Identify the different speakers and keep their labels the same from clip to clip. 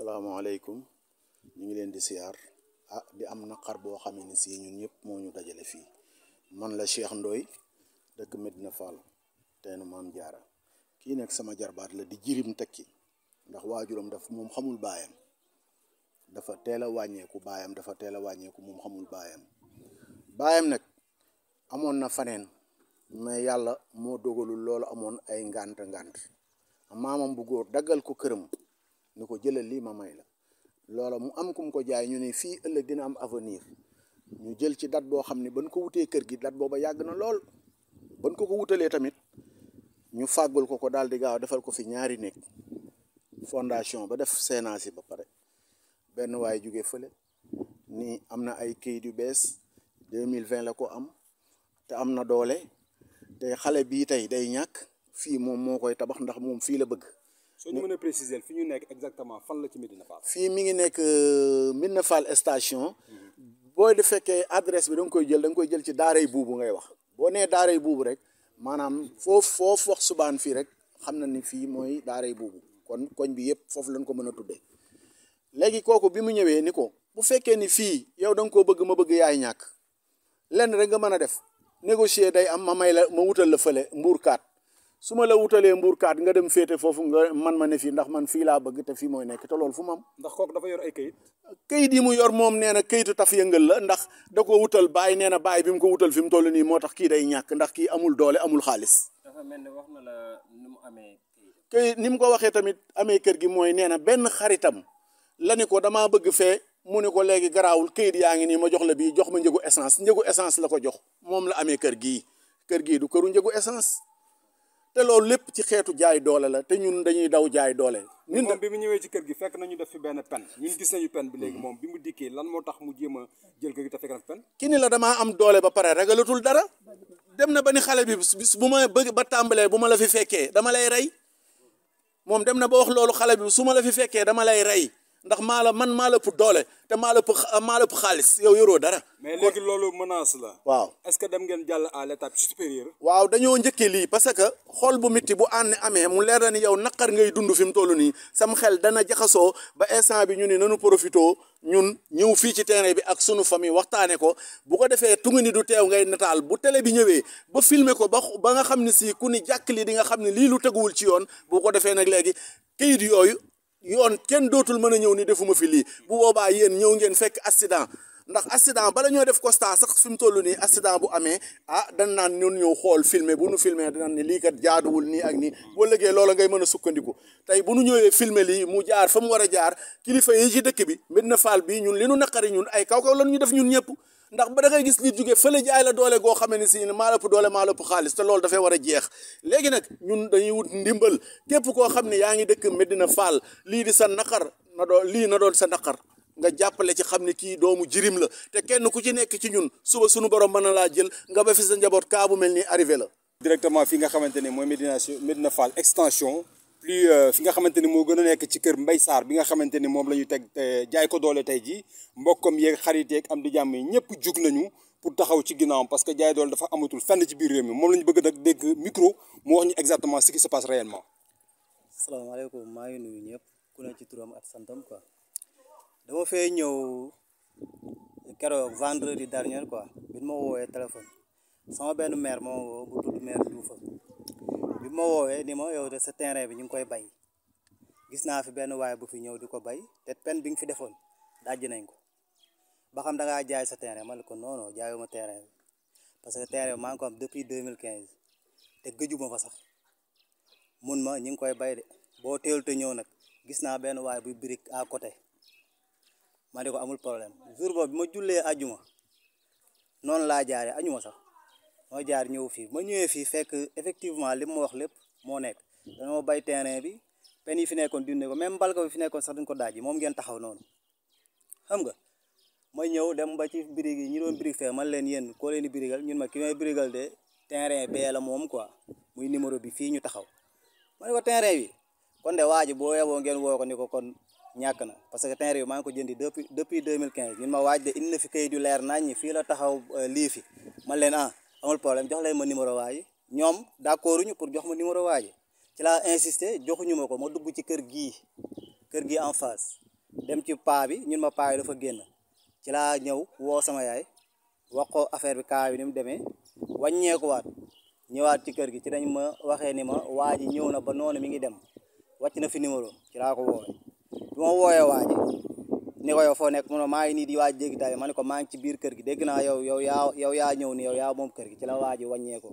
Speaker 1: asalaamaaleykum ñu ngi leen di siyaar a ah, di am naqar boo xam ne si ñun ñëpp moo ñu dajale fii man la Cheikh Ndoye dëkk Medina Fall teenu maam jaara kii nag sama jarbaat la di jirim tekki ndax waajuram daf moom xamul baayam dafa teel a wàññeeku baayam dafa teel a wàññeeku moom xamul baayam baayam nag amoon na faneen mais yàlla moo dogalul loolu amoon ay ngànt ngànt maamam bu góor daggal ko këram ni ko jëlal lii ma may la loola mu am kum ko jaay ñu ne fii ëllëg dina am avenir ñu jël ci dat boo xam ne ban ko wutee kër gi dat booba yàgg na lool ban ko ko wutalee tamit ñu fàggul ko ko daal di gaaw defal ko fi ñaari néeg fondation ba def séenance ba pare benn waaye jóge fële nii am na ay kayit yu bees mille 2020 la ko am te am na doole te xale bii tey day ñàkk fii moom moo koy tabax ndax moom fii la bëgg
Speaker 2: soo ñu mën a préciser fi ñu nekk exactement fan
Speaker 1: la ci Médina Fall. fii mi ngi nekk euh, Médina Fall station. Mhm. boo de fekkee adresse bi da nga koy jël da koy jël ci daaray buubu ngay wax boo nee daaray buubu rek maanaam foo foofu wax subaan fii rek xam na ni fii mooy daaray buubu kon koñ bi yëpp foofu lañ ko mën a tuddee léegi kooku bi mu ñëwee ni ko bu fekkee ni fii yow da nga koo bëgg ma bëgg yaay ñàkk lenn rek nga mën a def négocier day am ma may la ma wutal la fële mbuurkaat su ma la wutalee mburkaat nga dem féete foofu nga man ma ne fii ndax man fii laa bëgg te fi mooy nekk te loolu fu mam am. ndax kooku dafa yor ay kayit. kayit yi mu yor moom nee na kayitu taf yëngal la ndax da ko wutal baay nee na baay bi mu ko wutal fi mu toll nii moo tax kii day ñàkk ndax kii amul doole amul xaalis. mel ne wax na la ni mu amee. ni mu ko waxee tamit amee kër gi mooy nee na benn xaritam la ne ko damaa bëgg fee. mu ne ko léegi garaawul këyit yaa ngi nii ma jox la bii jox ma njëgu essence njëgu essence la ko jox moom la amee kër gii kër gii du këru njëgu essence te loolu lépp ci xeetu jaay doole la te ñun dañuy daw jaay doole. ñun moom bi mu ñëwee ci kër gi fekk
Speaker 2: nañu def fi benn pen ñun gis nañu pen bi léegi moom bi mu dikkee lan moo tax mu jéem a jël kër gi te fekk na pen.
Speaker 1: ki ni la damaa am doole ba pare ragalatul dara dem na ba ni xale bi bis bu ma bëgg ba tàmbalee bu ma la fi fekkee dama lay rey moom dem na ba wax loolu xale bi su ma la fi fekkee dama lay rey ndax maa la man maa la ëpp doole te maa la ëpp maa la ëpp xaalis yow yoroo dara. mais léegi loolu menace la. waaw est-ce que dem ngeen jàll à l'étape waaw dañoo njëkkee lii parce que xool bu mitti bu ànn amee mu leer na ni yow naqar ngay dund fi mu toll nii sam xel dana jaxasoo ba instant bi ñu ne nanu profitoo ñun ñëw fii ci terrain bi ak sunu famille waxtaanee ko bu ko defee tungu du teew ngay nataal bu télé bi ñëwee ba filmer ko ba ba nga xam ne si ku ni jàkk li di nga xam ne lii lu teguwul ci yoon bu ko defee nag léegi këyit yooyu. yoon kenn dootul mën a ñëw ni defuma fi lii bu boobaa yéen ñëw ngeen fekk accident ndax accident bala ñoo def constat sax fi mu toll nii accident bu amee ah dan naan ñun ñëw xool filmer bu nu filmer danaan ni lii kat jaaduwul nii ak nii boo lëgee loola ngay mën a sukkandiku tey bu nu ñëwee filmer lii mu jaar fa mu war a jaar kilifa yi ci dëkk bi Medina faal bii ñun li nu naqari ñun ay kaw kaw la ñu def ñun ñëpp ndax ba da ngay gis nit jóge fële jaay la doole goo xamee ne si ne maa la ëpp doole maa la xaalis te loolu dafay war a jeex léegi nag ñun dañuy wut ndimbal képp koo xam ne yaa ngi dëkk Medina faal lii di sa naqar na doon lii na doon sa naqar nga jàppale ci xam ne kii doomu jirim la te kenn ku ci nekk ci ñun suba suñu borom mën na laa jël nga ba fi sa njaboot kaa bu mel ni arrivé la directement fii nga xamante ne
Speaker 2: mooy Medina Medina Fall extension plus euh, fi nga xamante ni moo gën a nekk ci kër mbay saar bi nga xamante ni moom la ñu teg jaay ko doole tey jii mbokkam yee xarit yeeg am di jàmm yi ñëpp jug nañu pour taxaw ci ginnaawam parce que jaay doole dafa amatul fenn ci biir réew mi moom la ñu bëgg nag dégg micro mu wax ñu exactement ce qui se passe réellement.
Speaker 3: salaamaaleykum maa ngi nuyu ñëpp ku ne ci turam at santam quoi dama fee ñëw keroog vendredi dernier quoi bi ma woowee téléphone sama benn maire moo bi ma woowee ni ma yow de sa terrain bi ñu ngi koy bay gis naa fi benn waay bu fi ñëw di ko bay te pen bi nga fi defoon dajji nañ ko ba xam da jaay sa terrain ma ne ko non non jaayuma terrain parce que terrain bi maa ngi ko am depuis te gëjuma fa sax mun ma ñu ngi koy bay de boo teelu te ñëw nag gis naa benn waay bu birik à côté ma ne ko amul problème jour boobu bi ma jullee ajuma noonu laa jaare ajuma sax moo jaar ñëw fii ma ñëwee fii fekk effectivement li mu wax lépp moo nekk dañoo bay terrain bi pen yi fi nekkoon dindi ko même balko bi fi nekkoon sax duñ ko daaj moom ngeen taxaw noonu xam nga ma ñëw dem ba ci birig yi ñi doon birig man leen yéen koo leen birigal ñun ma ki may birigal de terrain bee moom quoi muy numéro bi fii ñu taxaw ma ne ko terrain bi kon de waa ji boo yeboo ngeen woo ko ni ko kon ñàkk na parce que terrain bi maa ngi ko jëndi depuis depuis 2015 ñun ma waaj de indi na fi kayit yu leer nañ fi la taxaw euh, lii fi man leen ah amul problème jox leen ma numéro waa ji ñoom d'accord ñu pour jox ma numéro waa ji ci laa insister joxuñu ma ko ma dugg ci kër gi kër gi en face dem ci paa bi ñun ma paa yi dafa génn ci laa ñëw woo sama yaay wax ko affaire bi kaa bi ni mu demee wàññeekuwaat ñëwaat ci kër gi ci dañ ma waxee ni ma waa ñëw na ba noonu mi ngi dem wàcc na fi numéro ci laa ko woowe bi ma woowee waa ni ko yow foo nekk mu maa ngi nii di waaj jéggi tali ma ne ko maa ngi ci biir kër gi dégg naa yow yow yaa yow yaa ñëw ni yow yaa moom kër gi ci la waaji wàññeeku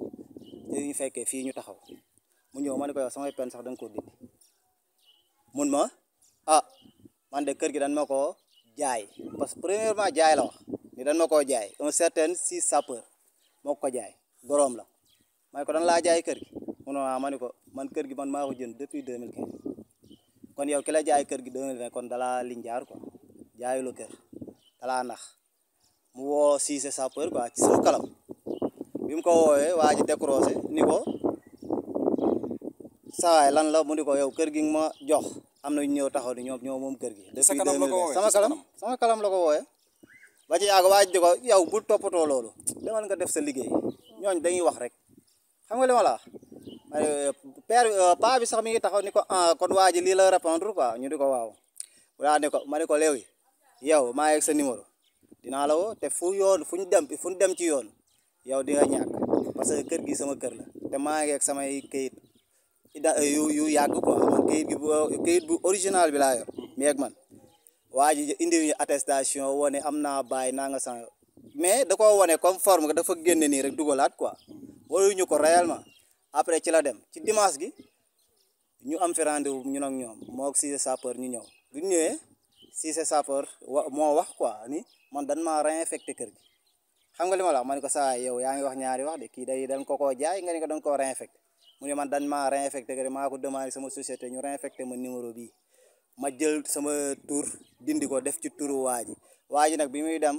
Speaker 3: ci ñu fekkee fii ñu taxaw mu ñëw ma ne ko yow samay pen sax da nga koo dindi mun ma a ah, man de kër gi dañ ma ko jaay parce que premièrement jaay la wax ni dañ ma koo jaay un certain six sapeur moo ko jaay goroom la ma ko dañ laa jaay kër gi ma ne ko man kër gi man maa ko jënd depuis 2015 kon yow ki la jaay kër gi 2020 kon dalaa liñ jaar quoi jaayu la kër dalaa nax mu woo Cissé sapeur quoi ci sama kalam bi mu ko woowee waa ji décroché ni ko lan la mu ni ko yow kër gi ma jox am na ñëw taxaw ni ñoom ñoo moom kër gi depuis sama kalam sama kalam la ko wooyee ba ci yàgg waa yow bu toppatoo loolu demal nga def sa liggéey ñooñ dañuy wax rek xam nga li ma la euh, bi sax mi ngi taxaw ni ko ah, kon waa ji lii la répondre ñu di ko waaw daa ne ko ma ne ko léegi yow maa yegg sa numéro dinaa la woo te fu yoon fu ñu dem fu ñu dem ci yoon yow di nga ñàkk parce que kër gi sama kër la te maa ngi samay kayit yu yu yàgg ko kayit bu kayit bu original bi laa yor mi man waa ji indi attestation wane am naa bàyyi naa nga sang mais da koo wane comme forme dafa génne nii rek dugalaat quoi waruñu ko réellement après ci la dem ci dimanche gi ñu am fi rendez-vous ñun ak ñoom moo si sapeur ñu ñëw bu ñu c'est Sapeur wa mo wax quoi ni man dañ ma réinfecter kër gi xam nga li ma wax ma ne ko saa yow yaa ngi wax ñaari wax de ki day dañ ko ko jaay nga ni ko dañ ko réinfecter mu ni man dañ ma réinfecter kër gi ko sama société ñu réinfecter ma numéro bi ma jël sama tur dindi ko def ci turu waji ji nak bi muy dem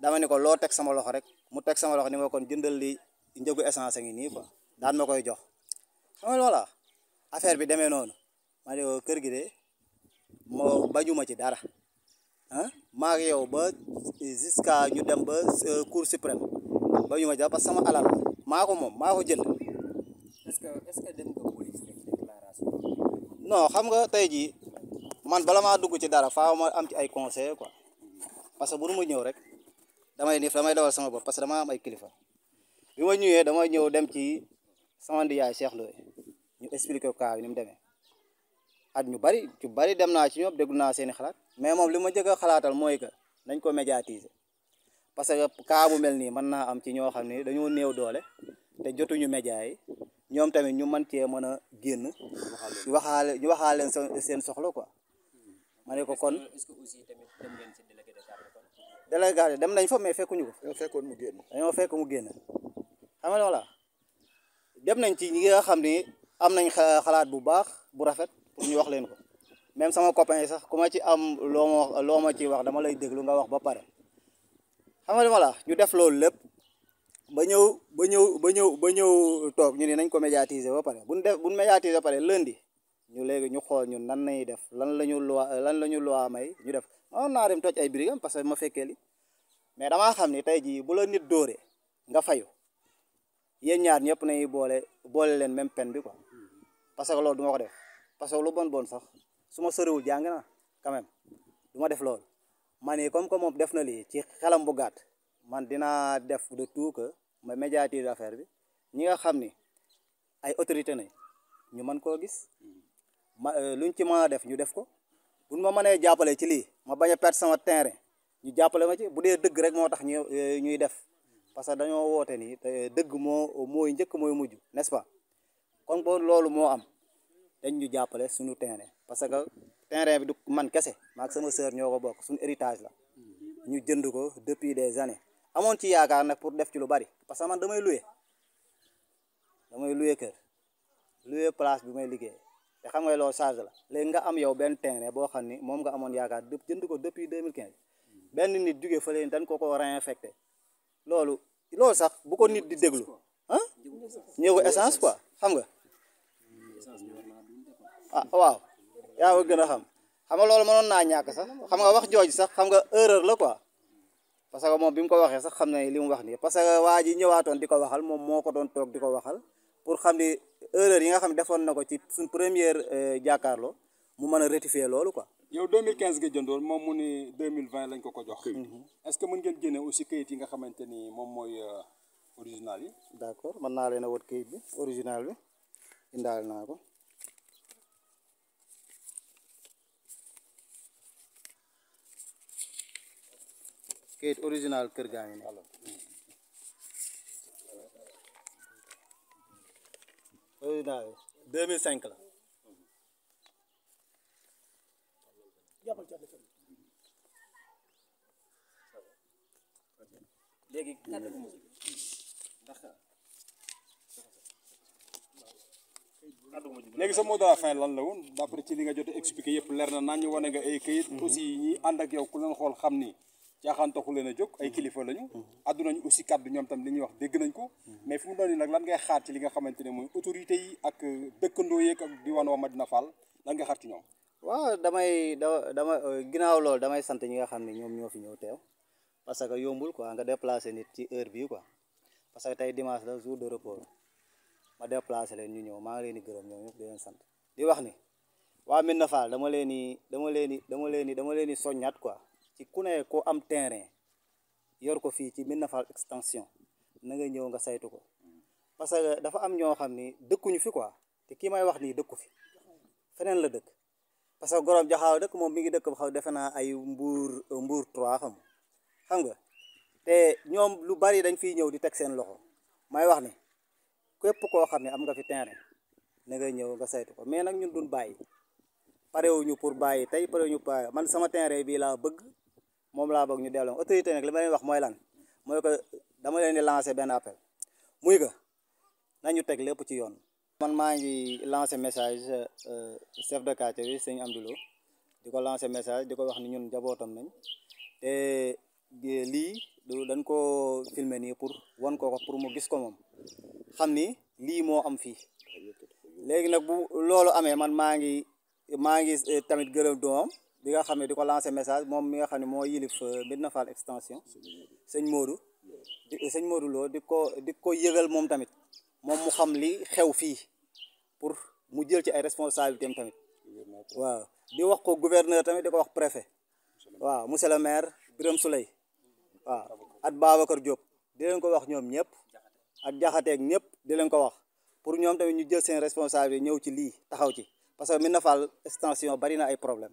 Speaker 3: dama ni ko lo tek sama loxo rek mu tek sama loxo ni ma kon jëndal li njëgu essence ngi ni quoi daan makoy jox xam nga loola affaire bi démé non ma kër gi de moo bañuma ci dara ah, maa ngi yow ba jusqu'à ñu dem ba euh, cour suprême bañuma ci dara parce que alal maa ko moom maa ko jël. est-ce que est non xam nga tey jii man bala maa dugg ci dara fa ma am ci ay conseil quoi parce que bu nu ma ñëw rek damay nii damay dawal sama bopp parce que dama am ay kilifa bi ma ñëwee dama ñëw dem ci sama ndiyaay Cheikh Ndoye ñu expliqué ko cas bi ni mu demee. at ñu bari dem naa ci ñoom déglu naa seen i xalaat mais moom li ma njëkk a xalaatal mooy que nañ ko médiatiser parce que cas bu mel nii mën naa am ci ñoo xam ne dañoo néew doole te jotuñu média yi ñoom tamit ñu mën cee mën a génn. ñu waxaale ñu waxaale leen seen soxla quoi. ma ne ko kon est-ce aussi tamit dem ngeen ci délégué de dem nañ fa mais fekkuñu ko. dañoo fekkoon mu génn. dañoo fekk mu génn xam dem nañ ci ñi xam ni am nañ xalaat bu baax bu rafet. pour ñu wax leen ko même sama copain yi sax ku ma am loo ma wax loo ma ciy wax dama lay déglu nga wax ba pare xam nga dama ñu def loolu lépp ba ñëw ba ñëw ba ñëw ba ñëw toog ñu ne nañ ko médiatiser ba pare buñ def buñ médiatiser ba pare lundi ñu léegi ñu xool ñun nan nañuy def lan la ñu loi lan la ñu loi may ñu def non naa dem toj ay brigam parce que ma fekkee li mais damaa xam ni tey jii bula nit dóoree nga fayu yéen ñaar ñëpp nañuy boole boole leen même peine bi ko parce que loolu du ma ko def. parce que lu bon bon sax su ma soriwul jàng na quand ma def loolu man ni comme que moom def na lii ci xelam bu gàtt man dinaa def de tout que ma médiatiser affaire bi ñi nga xam ni ay autorité nañ ñu man koo gis ma euh, luñ ci mën def ñu def ko bu ma mënee jàppale ci lii ma bañ a perte sama terrain ñu jàppale ma ci bu dee dëgg rek moo tax ñu euh, ñuy def parce que dañoo woote nii te euh, dëgg moo mooy njëkk mooy mujj n'est-ce pas kon boo loolu moo am dañ ñu jàppale suñu terrain parce que terrain bi du man kese maak sama sœur ñoo ko bokk suñu héritage la ñu jënd ko depuis des années amoon ci yaakaar nag pour def ci lu bari parce que man damay loué damay loué kër loué place bi may liggéey te xam nga loolu charge la léegi nga am yow benn terrain boo xam ni moom nga amoon yaakaar jënd ko depuis 2015 benn nit jugee fële dañ ko ko réinfecté loolu loolu sax bu ko nit di déglu ah ñëw essence quoi xam nga ah waaw yaa ma gën xam xam nga loolu mënoon naa ñàkk sax xam nga wax jooju sax xam nga erreur la quoi parce que moom bi mu ko waxee sax xam na li mu wax nii parce que waa ji ñëwaatoon di ko waxal moom moo ko doon toog di ko waxal pour xam ni erreur yi
Speaker 2: nga xam ne defoon na ko ci suñ première euh, jàkkaarloo mu mën a rectifier loolu ko yow 2015 nga jëndoon moom mu ni 2020 lañ ko ko jox. Mhm. est-ce que mën ngeen génne aussi kayit yi nga xamante ni moom mooy euh, original yi. d'accord mën naa leen a wër kayit bi original bi
Speaker 3: indaal naa ko. kait original kër gaa original 2005 la
Speaker 1: léegi léegi
Speaker 2: sa mot de la fin lan la woon d'après ci li nga jot a expliqué yëpp leer na nañu wane nga caaxaan taxu leen a jóg ay kilifa lañu. àdduna ñu aussi kàddu ñoom tam li ñuy wax dégg nañ ko. mais fu mu doon nii nag lan ngay xaar ci li nga xamante ne mooy autorité yi ak euh, dëkkandoo yeeg ak diwaan waa Madina Fall lan nga xaar ci ñoom.
Speaker 3: waaw damay da dama euh, ginnaaw loolu damay sant ñi nga xam ne ñoom ñoo fi ñëw teew parce que yombul quoi nga déplacé nit ci heure bii quoi parce que tey dimanche la jour de repos ma déplacé leen ñu ñëw maa ngi leen di gërëm ñoom ñëpp di leen wax ni waa Medina Fall dama leen di dama leen di dama leen di dama leen di soññaat quoi ci ku ne ko am terrain yor ko fii ci Médina Fall extension na nga ñëw nga saytu ko parce que dafa am ñoo xam ni dëkkuñu fi quoi te kii may wax nii dëkku fi feneen la dëkk parce que Gorom Jaxaaw dëkk moom mi ngi dëkk ba xaw defe naa ay mbuur mbuur trois xam nga te ñoom lu bari dañ fiy ñëw di teg seen loxo may wax ne képp koo xam ne am nga fi terrain na nga ñëw nga saytu ko mais nag ñun duñ bàyyi parewuñu pour bàyyi tey parewuñu pour man sama terrain bii laa bëgg moom laa bëgg ñu delloo autorité nag li ma leen wax mooy lan mooy que dama leen di lancer benn appel muy que nañu teg lépp ci yoon. man maa ngi lancé message euh, chef de quartier bi sëñ Amdi di ko lancé message di ko wax ni ñun jabootam nañ te lii dañ ko filmer nii pour wan ko ko pour mu gis ko moom xam ni lii moo am fii léegi nag bu loolu amee man maa ngi maa ngi euh, tamit gërëm doomam bi nga xam ne di ko lancer message moom mi nga xam ne moo yilif euh, Médina Fall extension sañ Modou di euh, sëñ Modou di ko di ko yëgal moom tamit moom mu xam li xew fii pour mu jël ci ay responsabilités am tamit waaw di wax ko gouverneur tamit di ko wax préfet waaw monsieur le maire Birame Souleye waaw ak kër Diop di leen ko wax ñoom ñëpp ak jaxateeg ñëpp di leen ko wax pour ñoom tamit ñu jël seen responsabilité ñëw ci lii taxaw ci parce que Médina Fall extension bari na ay problème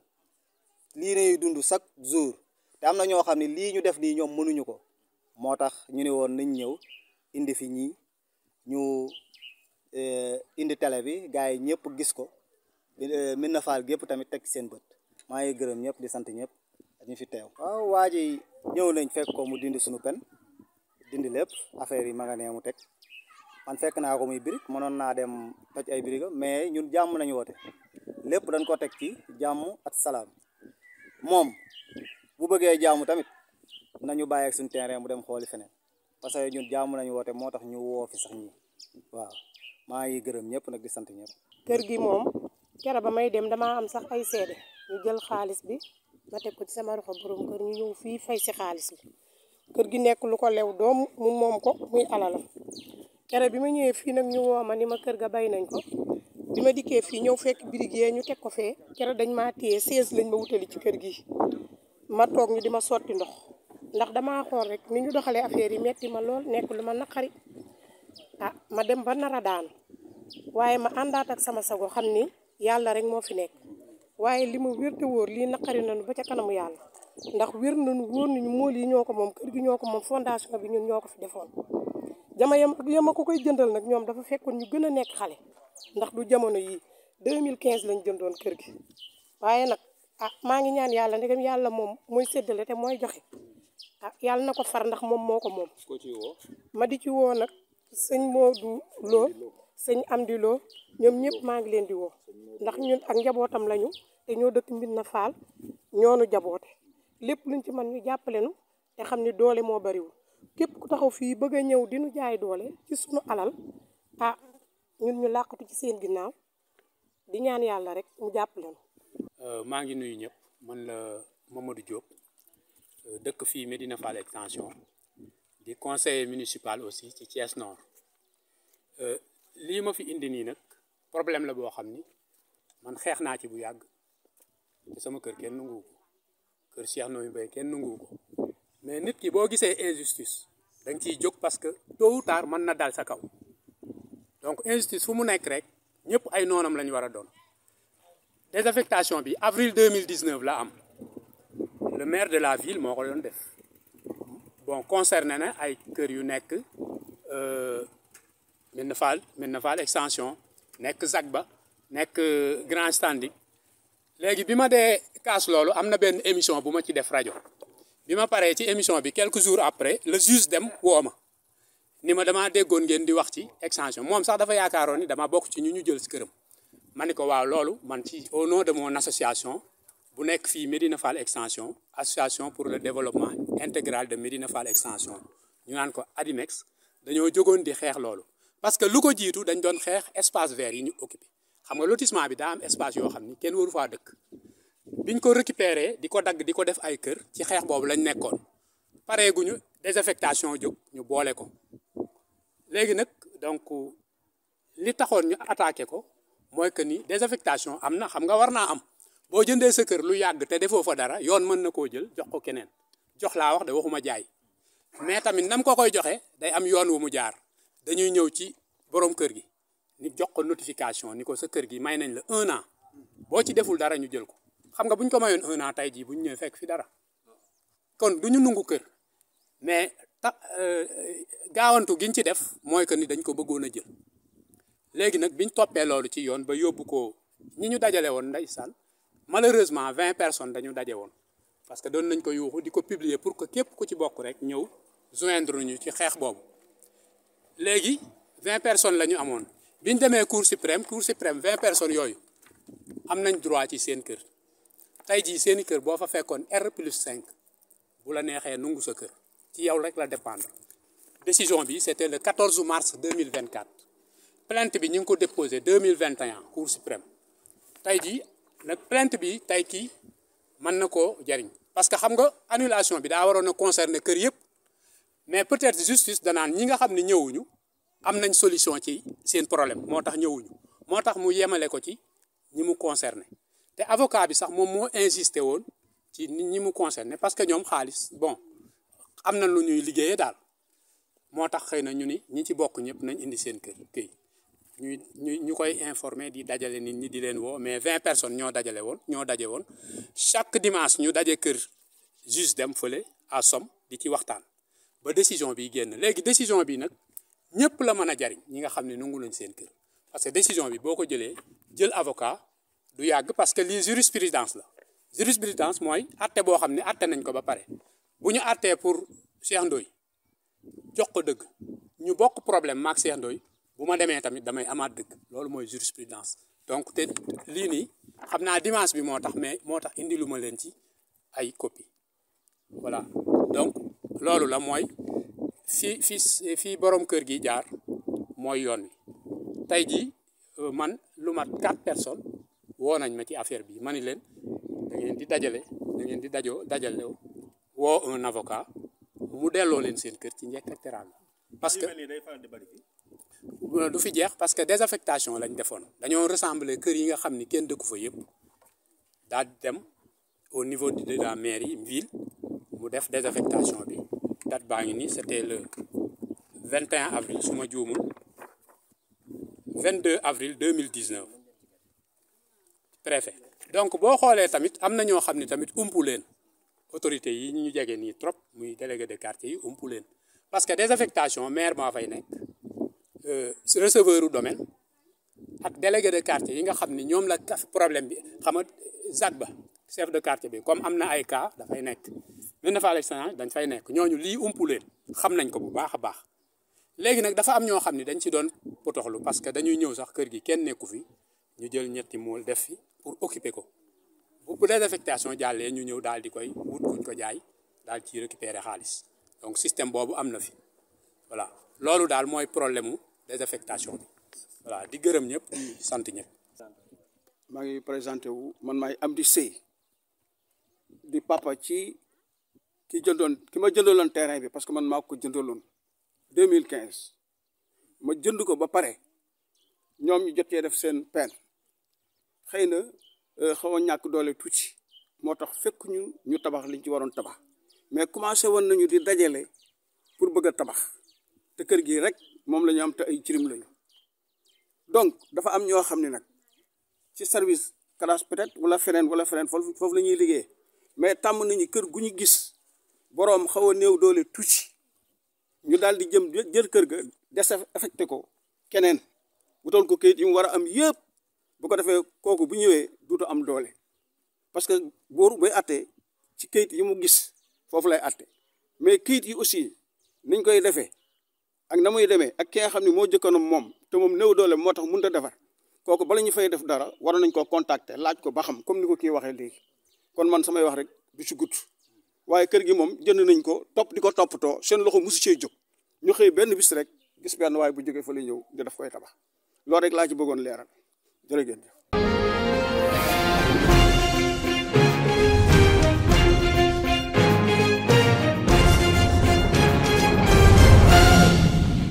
Speaker 3: lii nañuy dund chaque jour te am na ñoo xam ne lii ñu def nii ñoom mënuñu ko moo tax ñu ne woon nañ ñëw indi fi ñii ñu eh, indi tele bi gars yi ñëpp gis ko eh, min na faal gépp tamit teg seen bët maa ngi gërëm ñëpp di sant ñëpp ñu fi teew waaw waa ji ñëw nañ fekk ko mu dindi suñu pen dindi lépp affaire yi ma nga nee mu teg man fekk naa ko muy birig mënoon naa dem toj ay biriga mais ñun jàmm nañu woote lépp dañ ko teg ci jàmm ak salaam moom bu bëggee jaamu tamit nañu bàyyi ak suñu terrain mu dem xooli feneen parce que ñun jaamu nañu woote moo tax ñu woo fi sax ñi waaw maa ngi gërëm ñëpp nag di sant
Speaker 4: ñëpp. kër gi moom kere ba may dem dama am sax ay seede ñu jël xaalis bi ma teg ko sama loxo borom kër ñu ñëw fii fay si xaalis bi kër gi nekk lu ko lew doom mu moom ko muy alalam kere bi ma ñëwee fii nag ñu woo ma ni ma kër ga bay nañ ko. di ma dikkee fii ñëw fekk birig yee ñu teg ko fee keroog dañ maa téye seize lañ ma wutali ci kër gi ma toog ñu di ma sotti ndox ndax dama xool rek ni ñu doxalee affaire yi metti ma lool nekk lu ma naqari ah ma dem ba nara daan waaye ma àndaat ak sama sago xam ni yàlla rek moo fi nekk waaye li ma wér te wóor lii naqari na nañu ba ca kanamu yàlla ndax wér nañu wóor nañu mool yi ñoo ko moom kër gi ñoo ko moom fondation bi ñun ñoo ko fi defoon jama yam ak yama ko koy jëndal nag ñoom dafa fekkoon ñu gën a nekk xale ndax du jamono yi quinze lañ jëndoon kër gi waaye nag ah maa ngi ñaan yàlla ndegam yàlla moom mooy séddale te mooy joxe ah yàlla na ko far ndax moom moo ko moom ma di ci woo nag sëñ Modou Lo sëñ Amdi Lo ñoom ñëpp maa ngi leen di woo ndax ñun ak njabootam lañu te ñoo dëkk Mbina Fall ñoonu jaboote lépp luñ ci man ñu jàppale nu te xam ni doole moo bariwul képp ku taxaw fii bëgg a ñëw di nu jaay doole ci sunu alal ah ñun ñu làqatu ci seen ginnaaw di ñaan yàlla rek mu jàpp leen.
Speaker 5: Euh, maa ngi nuyu ñëpp man la Mamadou Diop euh, dëkk fii Médina Fall extension di conseiller municipal aussi ci Thiès Nord euh, lii ma fi indi nii nag problème la boo xam ni man xeex naa ci bu yàgg te sama kër kenn nanguwu ko kër Cheikh Noy Mbaye kenn nanguwu ko mais nit ki boo gisee injustice da nga ciy jóg parce que tôt ou tard mën na daal sa kaw. donc injustice fu mu nekk rek ñëpp ay noonam la ñu war a doon désaffectation bi avril 2019 la am le maire de la ville moo ko doon def bon concerné na ay kër yu nekk euh, Médina Fall Médina Fall extension nekk Zagba nekk euh, Grand Standing léegi bi ma dee kaas loolu am na benn émission bu ma ci def rajo bi ma paree ci émission bi quelques jours après le juge dem woo ma ni ma damaa déggoon ngeen di wax ci extension moom sax dafa yaakaaroon ni dama bokk ci ñu ñu jël si këram ma ne ko waaw loolu man ci au nom de mon association bu nekk fii Medina Fall extension association pour le développement intégral de Medina Fall extension ñu naan ko ADIMEX dañoo jógoon di xeex loolu parce que lu ko jiitu dañ doon xeex espace vert yi ñu occupé xam nga lotissement bi daa am espace yoo xam ni kenn waru faa dëkk biñ ko récupérer di ko dagg di ko def ay kër ci xeex boobu lañ nekkoon pareeguñu désaffectation jóg ñu boole ko léegi nag donc li taxoon ñu attaqué ko mooy que ni désaffectation am na xam nga war naa am boo jëndee sa kër lu yàgg te defoo fa dara yoon mën na koo jël jox ko keneen jox laa wax de waxuma jaay mais tamit nam ko koy joxe day am yoon wu mu jaar dañuy ñëw ci borom kër gi ni jox ko notification ni ko sa kër gi may nañ la un an boo ci deful dara ñu jël ko xam nga buñ ko mayoon un an tey jii bu ñu fekk fi dara kon du ñu nungu kër mais ta euh, euh, gaawantu giñ ci def mooy que ni dañ ko bëggoon a jël léegi nag biñ toppee loolu ci yoon ba yóbbu ko ñi ñu dajale woon ndeysaan malheureusement vingt personnes dañu daje woon parce que doon nañ ko yuuxu di ko publier pour que képp ku ci bokk rek ñëw joindre ñu ci xeex boobu léegi vingt personnes la ñu amoon biñ demee cour suprême cour suprême vingt personnes yooyu am nañ droit ci seen kër tey jii seeni kër boo fa fekkoon R plus cinq bu la neexee nungu sa kër ci yow rek la dépendre décision bi c'était le 14 mars 2024 plainte bi ñu ngi ko déposé 2021 cour suprême tey jii nag plainte bi tey kii mën na koo parce que xam nga annulation bi daa waroon a concerner kër yëpp mais peut-être justice danaan ñi nga xam ne ñëwuñu am nañ solution ci seen problème moo tax ñëwuñu moo tax mu yemale ko ci ñi mu concerné te avocat bi sax moom moo insisté woon ci ñi mu concerné parce que ñoom xaalis bon amna lu ñuy liggéeyee daal moo tax xëy na ñu ni ñi ci bokk ñëpp nañ indi seen kër këy ñuy ñu ñu koy informer di dajale nit ñi di leen woo mais vingt personnes ñoo dajale woon ñoo daje woon chaque dimanche ñu daje kër juste dem fële à Somme di ci waxtaan ba décision bi génn léegi décision bi nag ñëpp la mën a jariñ ñi nga xam ne nangu nañ seen kër parce que décision bi boo ko jëlee jël avocat du yàgg parce que lii jurisprudence la jurisprudence mooy atte boo xam ne atte nañ ko ba pare bu ñu àttee pour Cheikh Ndoye jox ko dëgg ñu bokk problème maak Cheikh Ndoye bu ma demee tamit damay amaat dëgg loolu mooy jurisprudence donc te lii nii xam naa dimanche bi moo tax mais moo tax indi lu ma leen ci ay copie voilà donc loolu la mooy fii fii fii borom kër gi jaar mooy yoon wi tey ji euh, man lu mat quatre personnes woo nañ ma ci affaire bi ma ni leen da ngeen di dajale da di dajoo dajalew wo un avocat mu delo leen sen keur ci njëkk ak parce que euh, du fi jeex parce que désaffectation lañ defone dañoo ressembler keur yi nga xamni ni kenn dëkku fa yépp daal dem au niveau de la mairie ville mu def désaffectation bi date baa ni c'était le 21 avril suma ma 22 avril 2019 préfet donc bo xolé tamit amna ño xamni tamit umpu leen autorité yi ñu jégué ni trop muy délégué de quartier yi umpu leen parce que désaffectation maire moo fay nekk euh, receveur u domaine ak délégué de quartier yi nga xam ni ñoom la problème bi xam nga ZAC ba chef de quartier bi comme am na ay cas dafay nekk mën na fa échange dañ fay nekk ñooñu lii umpu leen xam nañ ko bu baax a baax léegi nag dafa am ñoo xam ne dañ ci doon potoxlu parce que dañuy ñëw sax kër gi kenn nekku fi ñu jël ñetti mool def fi pour occuper ko bu affectation jàllee ñu ñëw daal di koy wut kuñ ko jaay daal ci récupérer xaalis donc système boobu am na fi voilà loolu daal mooy problème mu désaffectation bi voilà di gërëm ñëpp di sant
Speaker 6: ñëpp. maa ngi présenté wu man maay Amdy Seye di papa ci ki jëndoon ki ma jëndaloon terrain bi parce que man maa ko jëndaloon 2015 ma jënd ko ba pare ñoom ñu jotee def seen peine xëy na. Euh, xaw a ñàkk doole tuuti moo tax fekk ñu ñu tabax liñ ci waroon tabax mais commencé woon nañu di dajale pour bëgg tabax te kër gi rek moom la ñu am te ay cirim lañu donc dafa am ñoo xam ne nag ci service classe peut-être wala feneen wala feneen foofu foofu la ñuy liggéey mais tàmm nañu kër gu ñu gis boroom xaw a néew doole tuuti ñu daal di jëm jël kër ga des désaffecté ko keneen wutal ko kayit yi mu war a am yëpp bu ko defee kooku bu ñëwee duutu am doole parce que góor attee ci kayit yi mu gis foofu lay atte mais kayit yi aussi niñ koy defee ak na muy demee ak ki nga xam ne moo jëkkoon moom te moom néew doole moo tax mënut a defar kooku bala ñu fay def dara war nañ koo contacter laaj ko ba xam comme ni ko waxee léegi kon man samay wax rek du ci gudd kër gi moom jënd nañ ko topp di ko toppatoo seen loxo musu cee jóg ñu xëy benn bis rek gis benn waaye bu jógee fa la ñëw di def koy tabax loolu rek laa ci bëggoon leeral jërëjëf.